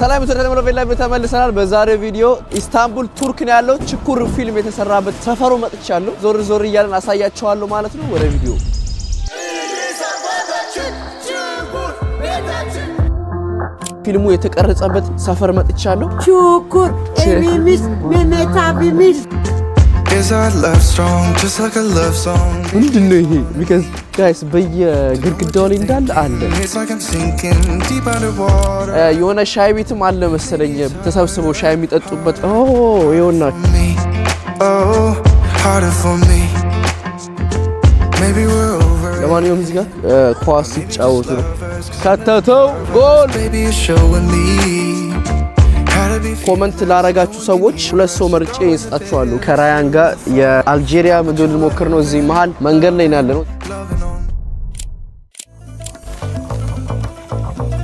ሰላም የተደረገ መለፌ ላይ ተመልሰናል። በዛሬው ቪዲዮ ኢስታንቡል ቱርክ ነው ያለው ችኩር ፊልም የተሰራበት ሰፈሩ መጥቻለሁ። ዞር ዞር እያለን አሳያቸዋለሁ ማለት ነው። ወደ ቪዲዮ ፊልሙ የተቀረጸበት ሰፈር መጥቻለሁ። ችኩር ሜሜታ ቢሚስ ምንድን ነው ይሄ? ቢካዝ ጋይስ በየግድግዳው ላይ እንዳለ አለ። የሆነ ሻይ ቤትም አለ መሰለኝ ተሰብስበው ሻይ የሚጠጡበት ይሆና oh, ለማንኛውም እዚህ ጋር ኳስ ሲጫወቱ ነው ከተተው ጎል ኮመንት ላረጋችሁ ሰዎች ሁለት ሰው መርጬ ይስጣችኋለሁ። ከራያን ጋር የአልጄሪያ ምግብ ልሞክር ነው። እዚህ መሀል መንገድ ላይ ያለ ነው።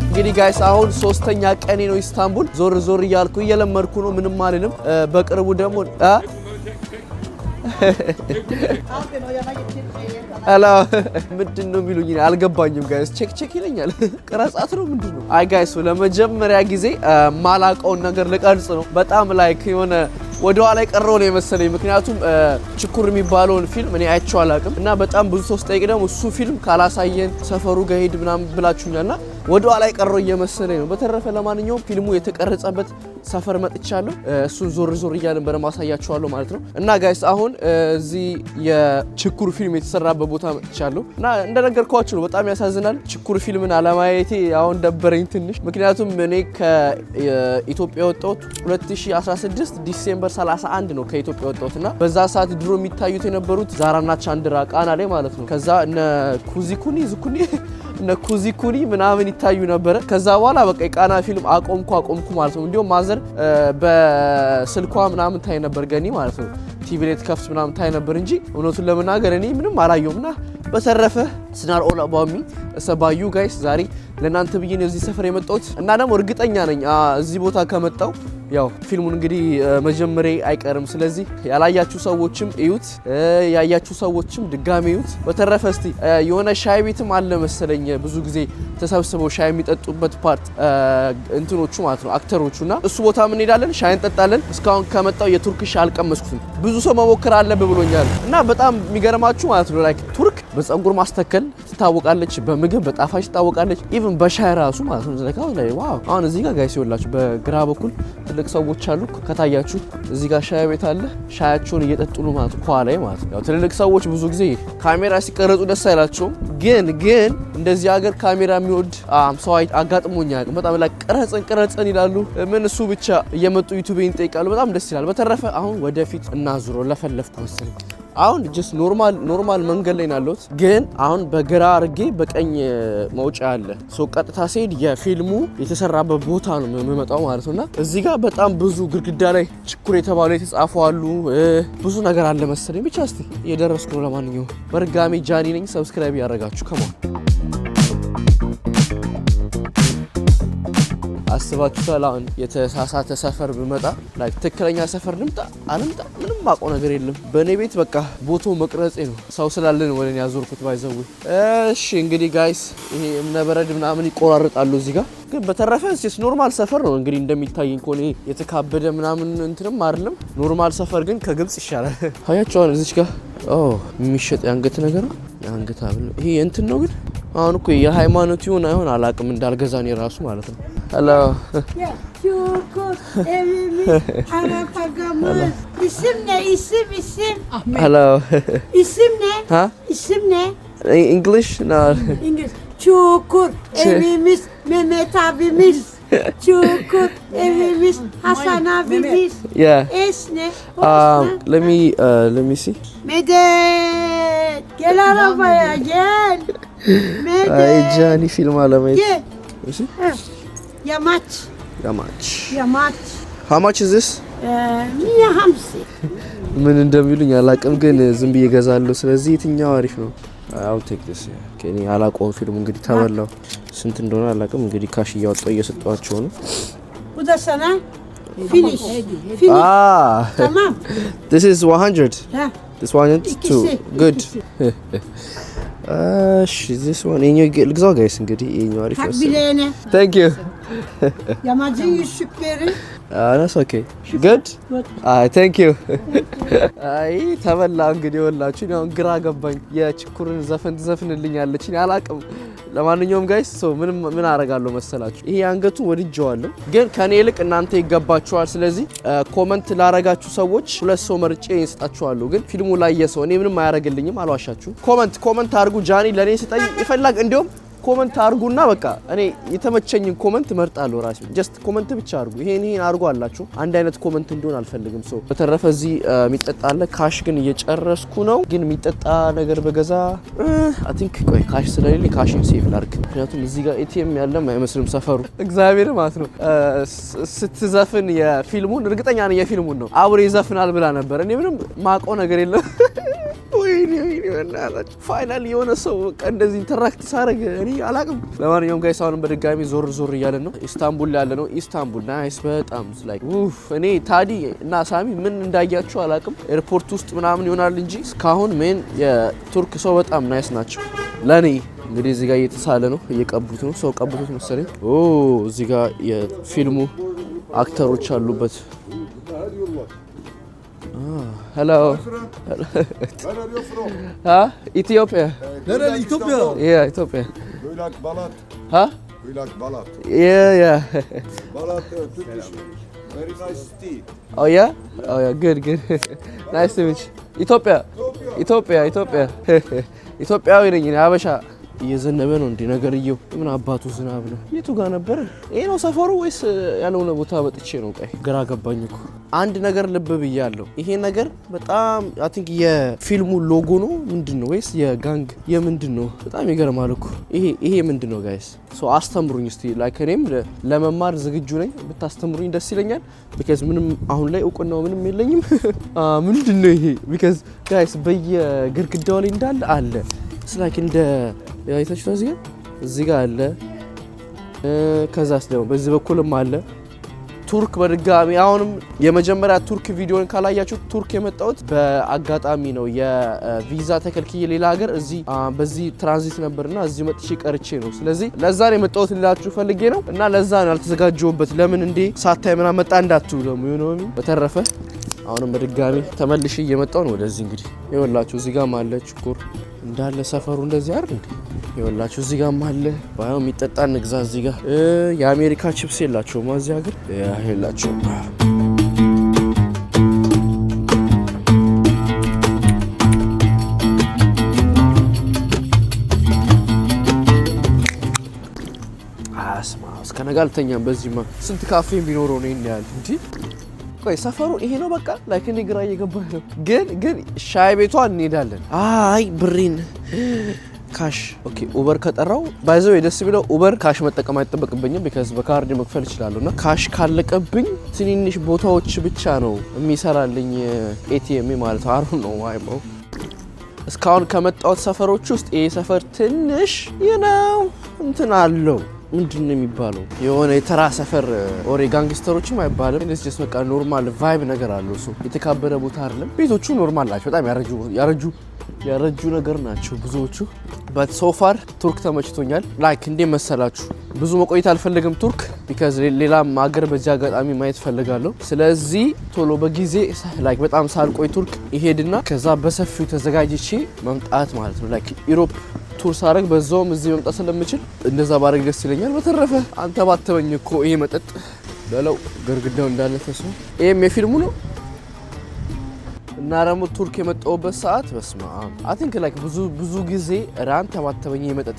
እንግዲህ ጋይስ አሁን ሶስተኛ ቀኔ ነው ኢስታንቡል። ዞር ዞር እያልኩ እየለመድኩ ነው። ምንም አልልም። በቅርቡ ደግሞ ምንድን ነው የሚሉኝ አልገባኝም። ጋይስ ቼክ ቼክ ይለኛል። ቅረጻት ነው ምንድን ነው? አይ ጋይስ ለመጀመሪያ ጊዜ ማላቀውን ነገር ልቀርጽ ነው። በጣም ላይክ የሆነ ወደኋላ የቀረው ነው የመሰለኝ። ምክንያቱም ችኩር የሚባለውን ፊልም እኔ አይቼው አላቅም እና በጣም ብዙ ሰው ስጠይቅ ደግሞ እሱ ፊልም ካላሳየን ሰፈሩ ጋር ሂድ ምናምን ብላችሁኛልና ወደ ኋላ የቀረው እየመሰለኝ ነው። በተረፈ ለማንኛውም ፊልሙ የተቀረጸበት ሰፈር መጥቻለሁ። እሱን ዞር ዞር እያልን በደንብ አሳያችኋለሁ ማለት ነው። እና ጋይስ አሁን እዚህ የችኩር ፊልም የተሰራበት ቦታ መጥቻለሁ እና እንደነገርኳችሁ ነው። በጣም ያሳዝናል። ችኩር ፊልምን አለማየቴ አሁን ደበረኝ ትንሽ። ምክንያቱም እኔ ከኢትዮጵያ የወጣሁት 2016 ዲሴምበር 31 ነው ከኢትዮጵያ የወጣሁት እና በዛ ሰዓት ድሮ የሚታዩት የነበሩት ዛራና ቻንድራ ቃና ላይ ማለት ነው። ከዛ እነ ኩዚኩኒ ዝኩኒ እነ ኩዚ ምናምን ይታዩ ነበረ። ከዛ በኋላ በቃ የቃና ፊልም አቆምኩ አቆምኩ ማለት ነው። እንዲሁም ማዘር በስልኳ ምናምን ታይ ነበር ገኒ ማለት ነው። ቲቪ ላይ ትከፍት ምናምን ታይ ነበር እንጂ እውነቱን ለመናገር እኔ ምንም አላየሁም። ና በተረፈ ስናር ኦል አባውት ሚ እሰባዩ ጋይስ ዛሬ ለእናንተ ብዬ ነው እዚህ ሰፈር የመጣሁት እና ደግሞ እርግጠኛ ነኝ እዚህ ቦታ ከመጣው ያው ፊልሙን እንግዲህ መጀመሪያ አይቀርም። ስለዚህ ያላያችሁ ሰዎችም እዩት፣ ያያችሁ ሰዎችም ድጋሚ እዩት። በተረፈ እስቲ የሆነ ሻይ ቤትም አለ መሰለኝ ብዙ ጊዜ ተሰብስበው ሻይ የሚጠጡበት ፓርት እንትኖቹ ማለት ነው አክተሮቹ እና እሱ ቦታ ምን እንሄዳለን፣ ሻይ እንጠጣለን። እስካሁን ከመጣው የቱርክ ሻይ አልቀመስኩትም። ብዙ ሰው መሞከር አለብህ ብሎኛል እና በጣም የሚገርማችሁ ማለት ነው ላይክ ቱርክ በፀጉር ማስተከል ትታወቃለች፣ በምግብ በጣፋጭ ትታወቃለች፣ ኢቭን በሻይ ራሱ ማለት ነው። አሁን እዚህ ጋር ጋይ ሲወላችሁ በግራ በኩል ትልቅ ሰዎች አሉ። ከታያችሁ እዚህ ጋር ሻያ ቤት አለ። ሻያቸውን እየጠጡ ነው ማለት ኳ ላይ ማለት ነው። ትልልቅ ሰዎች ብዙ ጊዜ ካሜራ ሲቀረጹ ደስ አይላቸውም። ግን ግን እንደዚህ ሀገር ካሜራ የሚወድ ሰው አጋጥሞኛ በጣም ላይ ቅረጽን ቅረጽን ይላሉ። ምን እሱ ብቻ እየመጡ ዩቱቤን ይጠይቃሉ። በጣም ደስ ይላል። በተረፈ አሁን ወደፊት እናዙረው ለፈለፍኩ መሰለኝ አሁን ጀስ ኖርማል ኖርማል መንገድ ላይ ናለሁት፣ ግን አሁን በግራ አርጌ በቀኝ መውጫ አለ። ሶ ቀጥታ ሲሄድ የፊልሙ የተሰራበት ቦታ ነው የምመጣው ማለት ነውና እዚህ ጋር በጣም ብዙ ግድግዳ ላይ ችኩል የተባሉ የተጻፉ አሉ። ብዙ ነገር አለ መሰለኝ። ብቻ እስቲ የደረስኩ ነው። ለማንኛውም በድጋሚ ጃኒ ነኝ። ሰብስክራይብ ያደረጋችሁ ከማ አስባችሁታል? አሁን የተሳሳተ ሰፈር ብመጣ ላይ ትክክለኛ ሰፈር ልምጣ አልምጣ ምንም ማቆ ነገር የለም። በእኔ ቤት በቃ ቦቶ መቅረጼ ነው። ሰው ስላልን ነው ወደ እኔ ያዞርኩት። ባይዘው እሺ፣ እንግዲህ ጋይስ ይሄ እምነበረድ ምናምን ይቆራርጣሉ እዚህ ጋር ግን በተረፈ ስ ኖርማል ሰፈር ነው እንግዲህ እንደሚታየኝ ከሆነ የተካበደ ምናምን እንትንም አይደለም። ኖርማል ሰፈር ግን ከግብጽ ይሻላል። አያቸዋን እዚች ጋር የሚሸጥ የአንገት ነገር ነው። የአንገት ይሄ እንትን ነው ግን አሁን እኮ የሃይማኖት ይሆን አይሆን አላቅም እንዳልገዛኔ ራሱ ማለት ነው Hello. Ya, Çukur, evimiz, ana takamız. İsim ne? İsim, isim. Ahmet. Hello. İsim ne? Ha? İsim ne? E, English? No. English. Çukur, Ç- evimiz, Mehmet abimiz. Çukur, evimiz, Hasan abimiz. Yeah. Es ne? Um, let me uh, let me see. Medet, gel arabaya gel. Medet, Ay cani film alamayız. gel. Nasıl? Yamaç. Yamaç. Yamaç. How much is this? ሚያ ሀምሳ ምን እንደሚሉኝ አላቅም፣ ግን ዝም ብዬ ገዛለሁ። ስለዚህ የትኛው አሪፍ ነው? አው ቴክ ዲስ ከኔ አላውቀውም። ፊልሙ እንግዲህ ተበላው፣ ስንት እንደሆነ አላቅም። እንግዲህ ካሽ እያወጣሁ እየሰጠኋቸው ነው። ውደሰና ፊኒሽ ፊኒሽ ተማም this is 100 yeah this one too good እሺ this one የእኛው ልግዛው ጋይስ። እንግዲህ የእኛው አሪፍ ነው። ታንክ ዩ አይ ah, ah, ተበላ እንግዲህ ወላችሁ አሁን ግራ ገባኝ። የችኩርን ዘፈን ትዘፍንልኛለች አላቅም። ለማንኛውም ጋይስ ሰው ምን አረጋለሁ መሰላችሁ፣ ይሄ አንገቱ ወድጀዋለሁ፣ ግን ከኔ ይልቅ እናንተ ይገባችኋል። ስለዚህ ኮመንት ላረጋችሁ ሰዎች ሁለት ሰው መርጬ ይሰጣችኋለሁ። ግን ፊልሙ ላይ የሰው እኔ ምንም አያረግልኝም፣ አልዋሻችሁ። ኮመንት ኮመንት አድርጉ። ጃኒ ለእኔ ስጠኝ ይፈላግ እንዲሁም ኮመንት አርጉና በቃ እኔ የተመቸኝን ኮመንት መርጣለሁ። ራሱ ጀስት ኮመንት ብቻ አርጉ፣ ይሄን ይሄን አርጉ አላችሁ። አንድ አይነት ኮመንት እንዲሆን አልፈልግም። ሰው በተረፈ እዚህ የሚጠጣ አለ። ካሽ ግን እየጨረስኩ ነው። ግን የሚጠጣ ነገር በገዛ አይ ቲንክ ቆይ፣ ካሽ ስለሌለኝ ካሽን ሴቭ ላድርግ። ምክንያቱም እዚህ ጋር ኤቲኤም ያለም አይመስልም ሰፈሩ። እግዚአብሔር ማለት ነው። ስትዘፍን የፊልሙን እርግጠኛ ነኝ የፊልሙን ነው አብሮ ይዘፍናል ብላ ነበር። እኔ ምንም ማቆ ነገር የለም። ወይኔ ፋይናል የሆነ ሰው በቃ እንደዚህ ኢንተራክት ሳረግ እኔ አላቅም። ለማንኛውም ጋይስ አሁንም በድጋሚ ዞር ዞር እያለን ነው። ኢስታንቡል ያለ ነው። ኢስታንቡል ናይስ፣ በጣም ላይክ እኔ ታዲ እና ሳሚ ምን እንዳያቸው አላቅም። ኤርፖርት ውስጥ ምናምን ይሆናል እንጂ እስካሁን ሜን የቱርክ ሰው በጣም ናይስ ናቸው ለእኔ እንግዲህ እዚህ ጋር እየተሳለ ነው፣ እየቀቡት ነው። ሰው ቀቡቶት መሰለኝ። እዚህ ጋር የፊልሙ አክተሮች አሉበት። hello. Where are you from? Huh? Ethiopia. Nereli? Eh, Ethiopia. Yeah, Ethiopia. Bülent Balat. Huh? Bülent Balat. Yeah, yeah. Balat eh, Turkish. Very nice tea. Oh yeah? Oh yeah, good, good. nice to meet you. Ethiopia. Ethiopia, Ethiopia. Ethiopia. Ethiopia. Ethiopia. እየዘነበ ነው እንዴ? ነገርየው ምን አባቱ ዝናብ ነው? የቱ ጋር ነበር ይሄ ነው ሰፈሩ ወይስ ያለሆነ ቦታ መጥቼ ነው? ቀይ ግራ ገባኝ እኮ። አንድ ነገር ልብ ብያለሁ። ይሄ ነገር በጣም አይ ቲንክ የፊልሙ ሎጎ ነው ምንድን ነው? ወይስ የጋንግ የምንድን ነው? በጣም ይገርማል እኮ ይሄ ይሄ ምንድን ነው ጋይስ? ሶ አስተምሩኝ እስቲ ላይክ እኔም ለመማር ዝግጁ ነኝ። ብታስተምሩኝ ደስ ይለኛል። ቢካዝ ምንም አሁን ላይ እውቅናው ምንም የለኝም። ምንድን ነው ይሄ? ቢካዝ ጋይስ በየግድግዳው ላይ እንዳለ አለ ስላክ እንደ አይታችሁ እዚህ ጋር እዚህ ጋር አለ። ከዛስ ደግሞ በዚህ በኩልም አለ ቱርክ በድጋሚ አሁንም የመጀመሪያ ቱርክ ቪዲዮን ካላያችሁ ቱርክ የመጣሁት በአጋጣሚ ነው። የቪዛ ተከልክዬ ሌላ ሀገር እዚህ በዚህ ትራንዚት ነበርና እዚህ መጥቼ ቀርቼ ነው። ስለዚህ ለዛ ነው የመጣሁት ልላችሁ ፈልጌ ነው እና ለዛ ነው ያልተዘጋጀሁበት። ለምን እንዴ ሳታይ ምናምን መጣ እንዳትሉ ደግሞ በተረፈ አሁንም በድጋሚ ተመልሽ እየመጣው ነው ወደዚህ። እንግዲህ ይወላችሁ እዚህ ጋር ማለ ችኩር እንዳለ ሰፈሩ እንደዚህ አይደል እንዴ? ይወላችሁ እዚህ ጋር ማለ ባይሆን የሚጠጣ ንግዛ። እዚህ ጋር የአሜሪካ ቺፕስ የላቸውም እዚህ ሀገር የላቸውም። እስከ ነጋ አልተኛም። በዚህማ ስንት ካፌ ቢኖረው ነው ያህል እንዲህ ቆይ ሰፈሩ ይሄ ነው በቃ ላይክ እኔ ግራ እየገባኝ ነው። ግን ግን ሻይ ቤቷ እንሄዳለን። አይ ብሬን ካሽ ኦኬ። ኡበር ከጠራው ባይዘ ወይ ደስ ቢለው ኡበር ካሽ መጠቀም አይጠበቅብኝም፣ ቢካዝ በካርድ መክፈል እችላለሁ። እና ካሽ ካለቀብኝ ትንንሽ ቦታዎች ብቻ ነው የሚሰራልኝ ኤቲኤም ማለት አሩ ነው ዋይመው እስካሁን ከመጣሁት ሰፈሮች ውስጥ ይሄ ሰፈር ትንሽ የነው እንትን አለው ምንድን ነው የሚባለው? የሆነ የተራ ሰፈር ኦሬ ጋንግስተሮችም አይባልም። ስ በቃ ኖርማል ቫይብ ነገር አለው። እሱ የተካበረ ቦታ አይደለም። ቤቶቹ ኖርማል ናቸው። በጣም ያረጁ ያረጁ ነገር ናቸው ብዙዎቹ። በት ሶፋር ቱርክ ተመችቶኛል። ላይክ እንዴ መሰላችሁ ብዙ መቆየት አልፈለግም ቱርክ ቢካዝ ሌላም ሀገር በዚህ አጋጣሚ ማየት ፈልጋለሁ። ስለዚህ ቶሎ በጊዜ ላይክ በጣም ሳልቆይ ቱርክ ይሄድና ከዛ በሰፊው ተዘጋጅቼ መምጣት ማለት ነው ላይክ ኢሮፕ ቱር ሳረግ በዛውም እዚህ መምጣት ስለምችል እንደዛ ባረግ ደስ ይለኛል። በተረፈ አንተ ባተበኝ እኮ ይሄ መጠጥ በለው ግርግዳው እንዳለ ተሱ ይህም የፊልሙ ነው እና ደግሞ ቱርክ የመጣሁበት ሰዓት በስማ ቲንክ ላይክ ብዙ ብዙ ጊዜ ራን ተባተበኝ የመጠጥ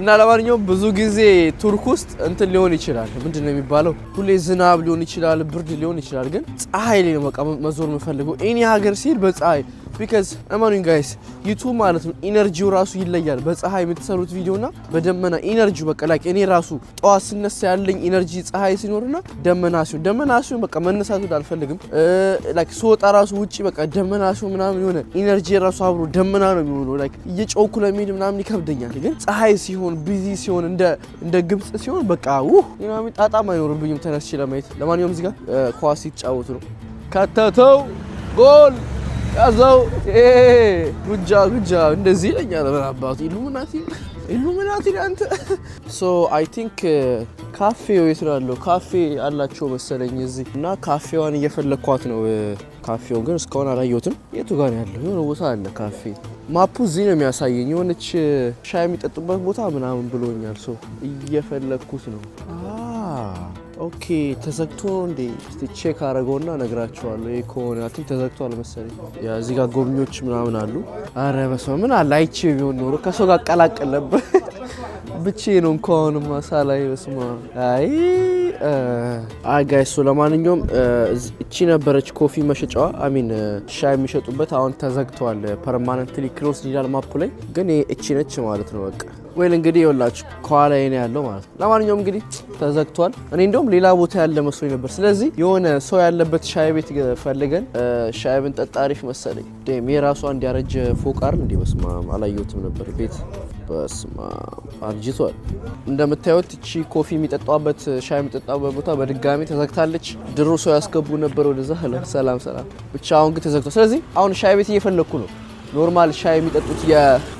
እና ለማንኛውም ብዙ ጊዜ ቱርክ ውስጥ እንትን ሊሆን ይችላል። ምንድን ነው የሚባለው? ሁሌ ዝናብ ሊሆን ይችላል፣ ብርድ ሊሆን ይችላል። ግን ፀሐይ ላይ ነው በቃ መዞር የምፈልገው። እኔ ሀገር ሲሄድ በፀሐይ ቢካዝ እመኑኝ ጋይስ ዩቱብ ማለት ነው ኢነርጂው ራሱ ይለያል። በፀሐይ የምትሰሩት ቪዲዮ እና በደመና ኢነርጂው በቃ ላይክ እኔ ራሱ ጠዋት ስነሳ ያለኝ ኢነርጂ ፀሐይ ሲኖርና ደመና ሲሆን ደመና ሲሆን በቃ መነሳቱ አልፈልግም። ላይክ ስወጣ ራሱ ውጭ በቃ ደመና ሲሆን ምናምን የሆነ ኢነርጂ ራሱ አብሮ ደመና ነው የሚሆነው። ላይክ እየጮኩ ለመሄድ ምናምን ይከብደኛል። ግን ፀሐይ ሲሆን ቢዚ ሲሆን እንደ እንደ ግብጽ ሲሆን በቃ ውህ ምናምን ጣጣም አይኖርብኝም ተነስቼ ለማየት። ለማንኛውም እዚህ ጋር ኳስ ይጫወቱ ነው ከተተው ጎል ከዛው ጉጃ ጉጃ እንደዚህ ይለኛል። ምን አባቱ ኢሉሚናቲ ኢሉሚናቲ አንተ። ሶ አይ ቲንክ ካፌው የት ነው ካፌ አላቸው መሰለኝ እዚህ እና ካፌዋን እየፈለግኳት ነው። ካፌውን ግን እስካሁን አላየሁትም። የቱ ጋር ነው ያለው? የሆነ ቦታ አለ ካፌ። ማፑ እዚህ ነው የሚያሳየኝ። የሆነች ሻይ የሚጠጡበት ቦታ ምናምን ብሎኛል። ሶ እየፈለግኩት ነው። ኦኬ ተዘግቶ ነው እንዴ? እስቲ ቼክ አረገውና እነግራችኋለሁ። ይሄ ከሆነ አይ ቲንክ ተዘግቷል መሰለኝ። እዚህ ጋር ጎብኚዎች ምናምን አሉ። አረ በስመ አብ ምን አለ አይቼ ቢሆን ኖሮ ከሰው ጋር አቀላቅል ነበር። ብቼ ነው እንኳንም ሳላይ በስማ አይ አይ ጋይስ፣ ለማንኛውም እቺ ነበረች ኮፊ መሸጫዋ አሚን ሻይ የሚሸጡበት አሁን ተዘግተዋል። ፐርማነንትሊ ክሎስ ይላል ማፕ ላይ ግን እቺ ነች ማለት ነው በቃ ወይል እንግዲህ ይኸውላችሁ ከኋላ ነው ያለው ማለት ነው። ለማንኛውም እንግዲህ ተዘግቷል። እኔ እንደውም ሌላ ቦታ ያለ መስሎኝ ነበር። ስለዚህ የሆነ ሰው ያለበት ሻይ ቤት ፈልገን ሻይ ብንጠጣ አሪፍ መሰለኝ። የራሷ እንዲያረጀ ፎቅ አይደል እንዲህ በስመ አብ አላየሁትም ነበር ቤት በስማ አርጅቷል። እንደምታዩት እቺ ኮፊ የሚጠጣበት ሻይ የሚጠጣበት ቦታ በድጋሚ ተዘግታለች። ድሮ ሰው ያስገቡ ነበር ወደዛ። ሰላም ሰላም። ብቻ አሁን ግን ተዘግቷል። ስለዚህ አሁን ሻይ ቤት እየፈለግኩ ነው። ኖርማል ሻይ የሚጠጡት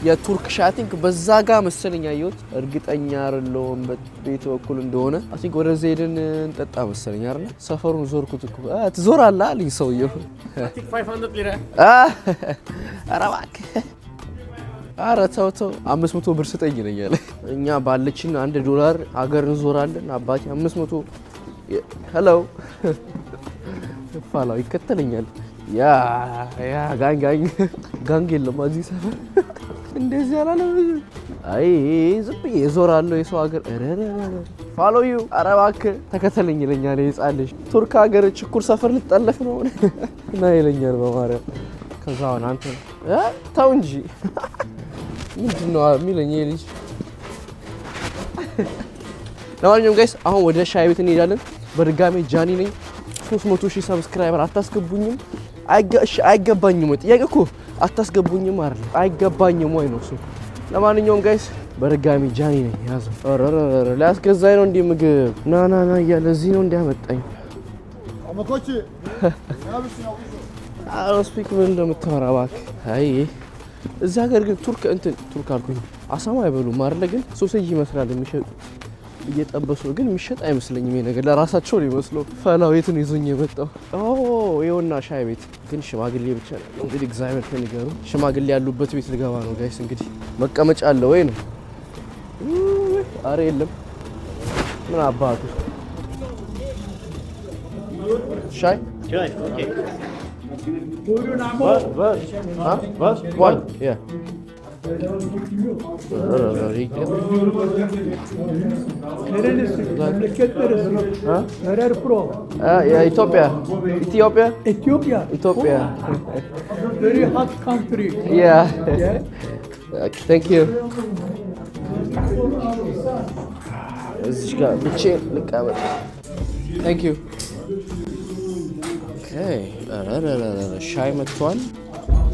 የቱርክ ሻይ አይ ቲንክ በዛ ጋ መሰለኝ ያየሁት፣ እርግጠኛ አይደለሁም ቤት በኩል እንደሆነ። አይ ቲንክ ወደዚህ ሄደን እንጠጣ መሰለኝ አይደለ? ሰፈሩን ዞርኩት እኮ ትዞራለህ አለኝ ሰውዬው። ኧረ እባክህ አረ ተው ተው፣ አምስት መቶ ብር ስጠኝ ይለኛል። እኛ ባለችን አንድ ዶላር ሀገር እንዞራለን። አባቴ አምስት መቶ ሄሎ ፋላው ይከተለኛል። ያ ያ ጋንግ ጋንግ ጋንግ የለም እዚህ ሰፈር እንደዚህ አላለም። አይ ዝም ብዬ እዞራለሁ የሰው ሀገር። ፋሎ ዩ ኧረ እባክህ ተከተለኝ ይለኛል። የህፃን ልጅ ቱርክ ሀገር ችኩር ሰፈር ልጠለፍ ነው እና ይለኛል በማርያም ከዛውን አንተ ተው እንጂ ምንድን ነው የሚለኝ ልጅ። ለማንኛውም ጋይስ አሁን ወደ ሻይ ቤት እንሄዳለን። በድጋሜ ጃኒ ነኝ። 300 ሺህ ሰብስክራይበር አታስገቡኝም። አይገባኝም ወይ ጥያቄ እኮ አታስገቡኝም አይደል? አይገባኝም ወይ ነው እሱ። ለማንኛውም ጋይስ በድጋሚ ጃኒ ነኝ። ያዘው ሊያስገዛኝ ነው እንዲህ ምግብ ና ና ና እያለ እዚህ ነው እንዲያመጣኝ ስፒክ ምን እንደምታወራ እባክህ አይ እዚህ ሀገር ግን ቱርክ እንትን ቱርክ አልኩኝ አሳማ አይበሉ ማርለ ግን ሶሴጅ ይመስላል የሚሸጡ እየጠበሱ ግን የሚሸጥ አይመስለኝም። ይሄ ነገር ለራሳቸው ሊመስለው ፈላው የትን ይዞኝ የመጣው ይኸውና፣ ሻይ ቤት ግን ሽማግሌ ብቻ ነው እንግዲህ እግዚአብሔር ከንገሩ ሽማግሌ ያሉበት ቤት ልገባ ነው ጋይስ። እንግዲህ መቀመጫ አለ ወይ ነው? አረ የለም። ምን አባቱ ሻይ Verse, verse, huh? verse yeah. Ethiopia. Ethiopia? Ethiopia. Ethiopia. Very hot country. Yeah. yeah. Thank you. እዚህ ጋር ብቼ ልቀበል። Thank you. ሻይ መጥቷል።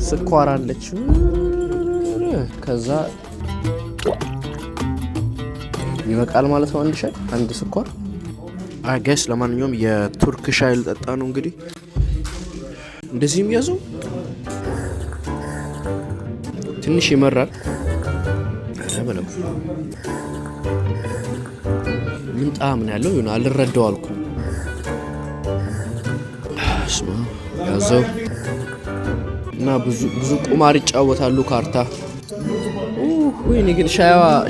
ስኳር አለች። ከዛ ይበቃል ማለት ነው። አንድ ሻይ አንድ ስኳር አገስ። ለማንኛውም የቱርክ ሻይ ልጠጣ ነው እንግዲህ። እንደዚህም ያዙ ትንሽ ይመራል። ምን ጣዕም ነው ያለው? አልረዳው አልኩ እዛው እና ብዙ ቁማር ይጫወታሉ ካርታ። ወይኔ ግን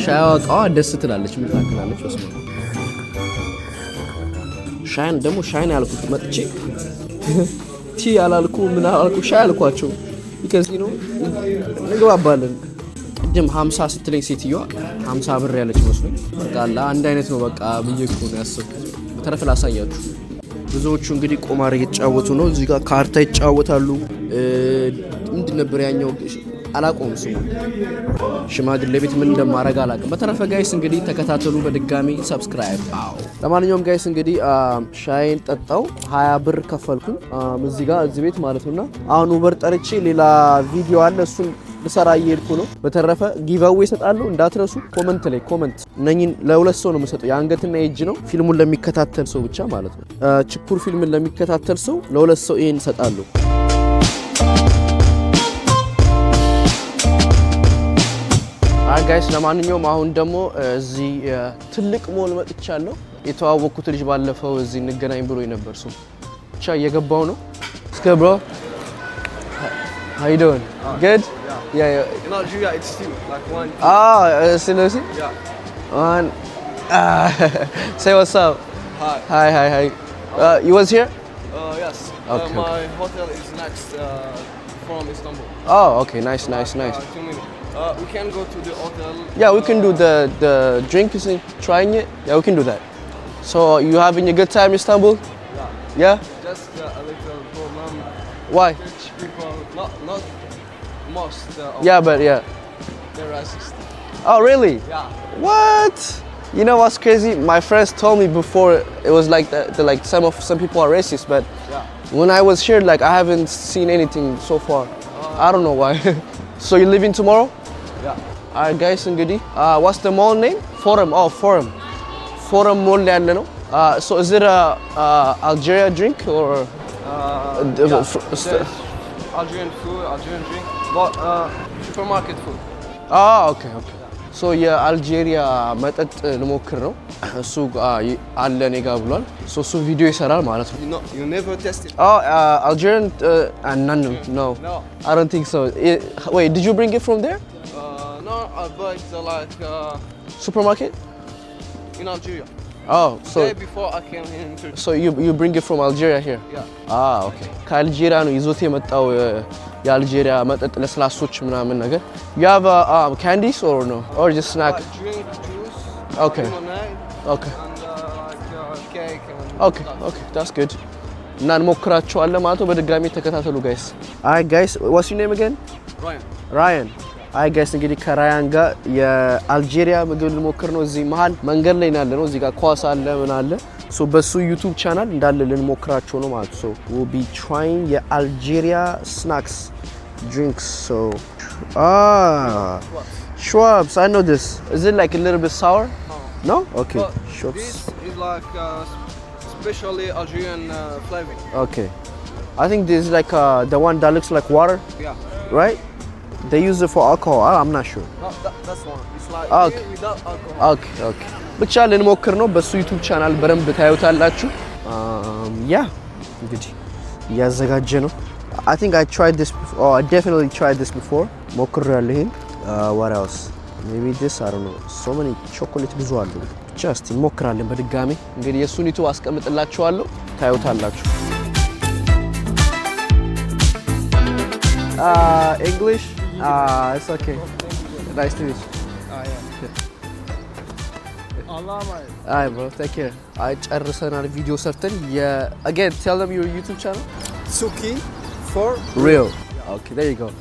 ሻያዋ ቃዋ ደስ ትላለች። ምን ታክላለች? ወስ ሻይን ደግሞ ሻይን ያልኩት መጥቼ ቲ ያላልኩ ምን አላልኩ ሻይ ያልኳቸው ይከዚ ነው እንግባባለን። ቅድም ሀምሳ ስትለኝ ሴትዮዋ ሀምሳ ብር ያለች መስሎኝ በቃ ለአንድ አይነት ነው በቃ ብዬ እኮ ነው ያሰብኩት። በተረፈ ላሳያችሁ ብዙዎቹ እንግዲህ ቁማር እየተጫወቱ ነው። እዚህ ጋር ካርታ ይጫወታሉ። ምንድን ነበር ያኛው? አላቆም ስሙ ሽማግሌ ቤት ምን እንደማድረግ አላቅም። በተረፈ ጋይስ እንግዲህ ተከታተሉ፣ በድጋሚ ሰብስክራይብ። ለማንኛውም ጋይስ እንግዲህ ሻይን ጠጣው፣ ሀያ ብር ከፈልኩ እዚህ ጋር እዚህ ቤት ማለት ነውና አሁን ውበር ጠርቼ ሌላ ቪዲዮ አለ እሱን ልሰራ እየሄድኩ ነው። በተረፈ ጊቫዌ ይሰጣሉ እንዳትረሱ። ኮመንት ላይ ኮመንት እነኝን ለሁለት ሰው ነው የምሰጠው፣ የአንገትና የእጅ ነው። ፊልሙን ለሚከታተል ሰው ብቻ ማለት ነው። ችኩር ፊልምን ለሚከታተል ሰው ለሁለት ሰው ይሄን ይሰጣሉ። ጋይስ ለማንኛውም አሁን ደግሞ እዚህ ትልቅ ሞል መጥቻለሁ። የተዋወቅኩት ልጅ ባለፈው እዚህ እንገናኝ ብሎ ነበር። እሱ ብቻ እየገባው ነው እስከ ብሮ How you doing? Uh, Good? Yeah. Yeah, yeah. In Algeria, it's two, like one. Ah, uh, Lucy. Yeah. One. Uh, Say what's up. Hi. Hi, hi, hi. Uh, you was here? Uh, yes. Uh, okay. Uh, my okay. hotel is next uh, from Istanbul. Oh, okay. Nice, uh, nice, like, nice. Uh, two minutes. Uh, we can go to the hotel. Yeah, we can do the the drink. is trying it. Yeah, we can do that. So you having a good time, Istanbul? Yeah. Yeah. Just uh, a little problem. Why? most. Uh, yeah, but yeah. They're racist. Oh, really? Yeah. What? You know what's crazy? My friends told me before it was like that, like some of some people are racist, but yeah. when I was here, like I haven't seen anything so far. Uh, I don't know why. so you're leaving tomorrow? Yeah. Alright, guys and goodie. Uh, what's the mall name? Forum. Oh, Forum. Forum Mall Landano. Uh, so is it a, uh Algeria drink or? Uh, yeah. Algerian food, Algerian drink. Uh, supermarket food. Ah, okay, okay. So yeah, Algeria method lemokro. So Allah So video is aral malas. You know, you never tested. Oh, uh, Algerian uh, and none. No. No. I don't think so. Eh, wait, did you bring it from there? no, I buy it like uh, supermarket. In Algeria. Oh, so before I came here. So you you bring it from Algeria here? Yeah. Ah, okay. Algeria no izote matao የአልጄሪያ መጠጥ ለስላሶች ምናምን ነገር ያቫ ካንዲስ ኦር ነው ኦር ጀስት ስናክ ኦኬ ኦኬ እና እንሞክራቸዋለን ማለት ነው። በድጋሚ ተከታተሉ ጋይስ። አይ ጋይስ ዋስ ዩ ኔም አገን ራያን። አይ ጋይስ እንግዲህ ከራያን ጋር የአልጄሪያ ምግብ ልሞክር ነው። እዚህ መሀል መንገድ ላይ ያለ ነው። እዚህ ጋር ኳስ አለ ምን አለ So, YouTube channel, ሶ በሱ more ቻናል እንዳለ ልንሞክራቸው ነው ማለት ሶ ዊል ቢ ትራይንግ የአልጄሪያ ስናክስ ድሪንክስ ሶ አ Schwabs, I know this. Is it like a little bit sour? No. Okay. This is like uh, especially Algerian uh, flavor. Okay. I think this is like uh, the one that looks like water. Yeah. Right? They use it for alcohol. I'm not sure. that's one. It's like okay. without alcohol. Okay, okay. ብቻ ልንሞክር ነው። በሱ ዩቱብ ቻናል በደንብ ታዩታላችሁ። ያ um, እንግዲህ እያዘጋጀ ነው። አይ ቲንክ አይ ትራይድ ዲስ ኦ አይ ዴፊኒትሊ ትራይድ ዲስ ቢፎር ሞክር ያለ ይሄን ዋት ኤልስ ሜቢ ዲስ አይ ዶንት ኖ ሶ ማኒ ቾኮሌት ብዙ አሉ። ብቻ እስቲ እንሞክራለን በድጋሚ እንግዲህ የእሱን ዩቱብ አስቀምጥላችኋለሁ፣ ታዩታላችሁ። ኢንግሊሽ ኢትስ ኦኬ ናይስ ቱ ሚት አይ ብሮ ቴክ ኬር። አይ ጨርሰናል ቪዲዮ ሰርተን የአገን ቴል ደም ዩር ዩቲዩብ ቻናል ሱኪ ፎር ሪል ኦኬ ዜር ዩ ጎ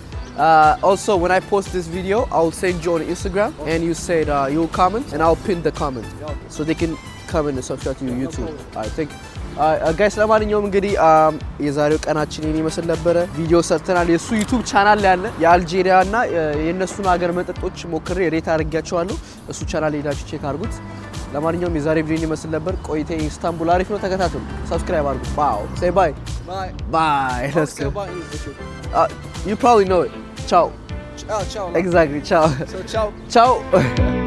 Uh, also, when I post this video, I'll send you on Instagram and you said uh, you'll comment and I'll pin the comment so they can come and subscribe to your YouTube. I think. ጋይ ስለማንኛውም እንግዲህ um, የዛሬው ቀናችን ይህን ይመስል ነበረ። ቪዲዮ ሰርተናል። የእሱ ዩቱብ ቻናል ላይ ያለ የአልጄሪያ እና uh, የእነሱን ሀገር መጠጦች ሞክሬ ሬት አድርጊያቸዋለሁ። እሱ ቻናል ሄዳችሁ ቼክ አድርጉት። ለማንኛውም የዛሬ ቪዲዮ ይመስል ነበር። ቆይቴ ኢስታንቡል አሪፍ ነው። ተከታተሉ፣ ሰብስክራይብ አድርጉ። ባው ሴ ባይ ባይ ባይ ዩ ፕሮባብሊ ኖ ቻው ቻው ቻው ቻው ቻው